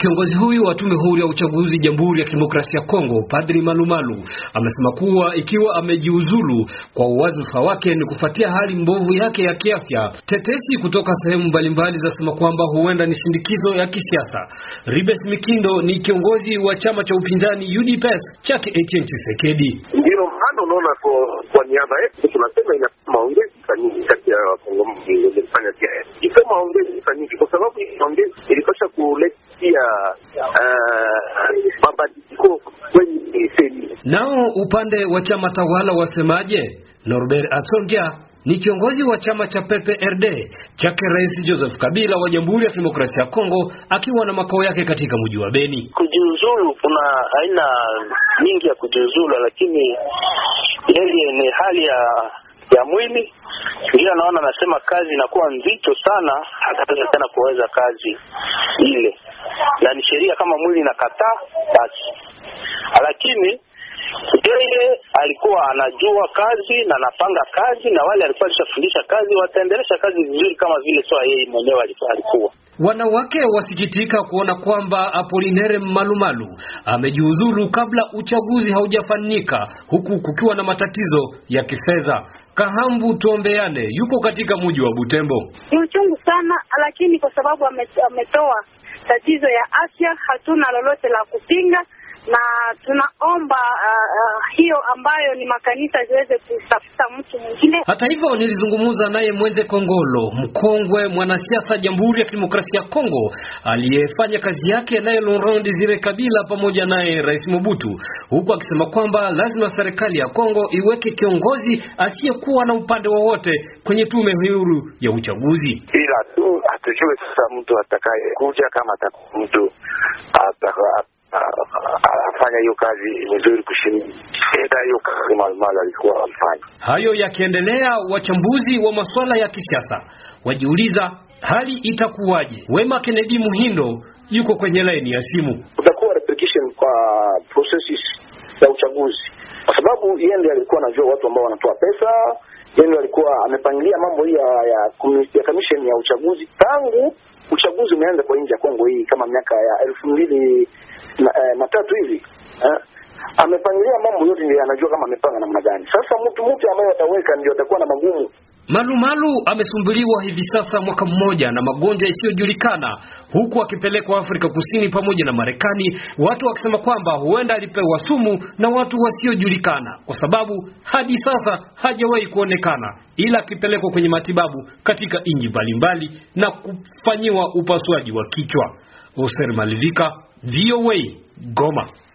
Kiongozi huyu wa tume huru ya uchaguzi Jamhuri ya Kidemokrasia ya Kongo, Padri Malumalu amesema kuwa ikiwa amejiuzulu kwa uwadhifa wake ni kufuatia hali mbovu yake ya kiafya. Tetesi kutoka sehemu mbalimbali zinasema kwamba huenda ni shindikizo ya kisiasa. Ribes Mikindo ni kiongozi wa chama cha upinzani UDPS chake Etienne Tshisekedi. Ndio maana unaona kwa niaba yetu tunasema ina maongezi fanyiki kati ya Kongo, maongezi fanyiki kwa sababu maongezi ilipasha kuleta pia uh, mabadiliko kwenye seni. Nao upande wa chama tawala wasemaje? Norbert Atsongia ni kiongozi wa chama cha PPRD chake Rais Joseph Kabila wa Jamhuri ya Kidemokrasia ya Kongo akiwa na makao yake katika mji wa Beni. Kujiuzulu, kuna aina nyingi ya kujiuzulu, lakini yeye ni hali ya ya mwili ndio anaona anasema kazi inakuwa nzito sana, hataweza tena kuweza kazi ile na ni sheria kama mwili inakataa basi. Lakini yeye alikuwa anajua kazi na anapanga kazi, na wale alikuwa alishafundisha kazi wataendelesha kazi vizuri, kama vile soa yeye mwenyewe alikuwa Wanawake wasikitika kuona kwamba Apolinere Malumalu amejiuzuru kabla uchaguzi haujafanyika huku kukiwa na matatizo ya kifedha. Kahambu Tuombeane yuko katika mji wa Butembo. Ni uchungu sana, lakini kwa sababu ametoa tatizo ya afya, hatuna lolote la kupinga na tunaomba uh, uh, hiyo ambayo ni makanisa ziweze kutafuta mtu mwingine. Hata hivyo, nilizungumza naye Mwenze Kongolo, mkongwe mwanasiasa Jamhuri ya Kidemokrasia ya Kongo aliyefanya kazi yake naye Laurent Desire Kabila pamoja naye Rais Mobutu, huku akisema kwamba lazima serikali ya Kongo iweke kiongozi asiyekuwa na upande wowote kwenye tume huru ya uchaguzi, ila tu hatujue sasa mtu atakaye kuja kama mtu kufanya hiyo kazi nzuri kushinda hiyo kazi Malumala alikuwa amfanya. Hayo yakiendelea, wachambuzi wa masuala ya kisiasa wajiuliza hali itakuwaje. Wema Kennedy Muhindo yuko kwenye laini ya simu. Kutakuwa replication kwa processes za uchaguzi, kwa sababu yeye ndiye alikuwa anajua watu ambao wanatoa pesa yeye yaani ndo alikuwa amepangilia mambo hii ya ya, ya commission ya uchaguzi tangu uchaguzi umeanza kwa nje ya Kongo hii kama miaka ya elfu mbili na, eh, na tatu hivi eh? Amepangilia mambo yote, ndio anajua kama amepanga namna gani. Sasa mtu mtu ambaye ataweka ndio atakuwa na magumu. Malumalu amesumbuliwa hivi sasa mwaka mmoja na magonjwa yasiyojulikana huku akipelekwa Afrika Kusini pamoja na Marekani, watu wakisema kwamba huenda alipewa sumu na watu wasiojulikana, kwa sababu hadi sasa hajawahi kuonekana, ila akipelekwa kwenye matibabu katika nchi mbalimbali na kufanyiwa upasuaji wa kichwa. hoser Malivika, VOA, Goma.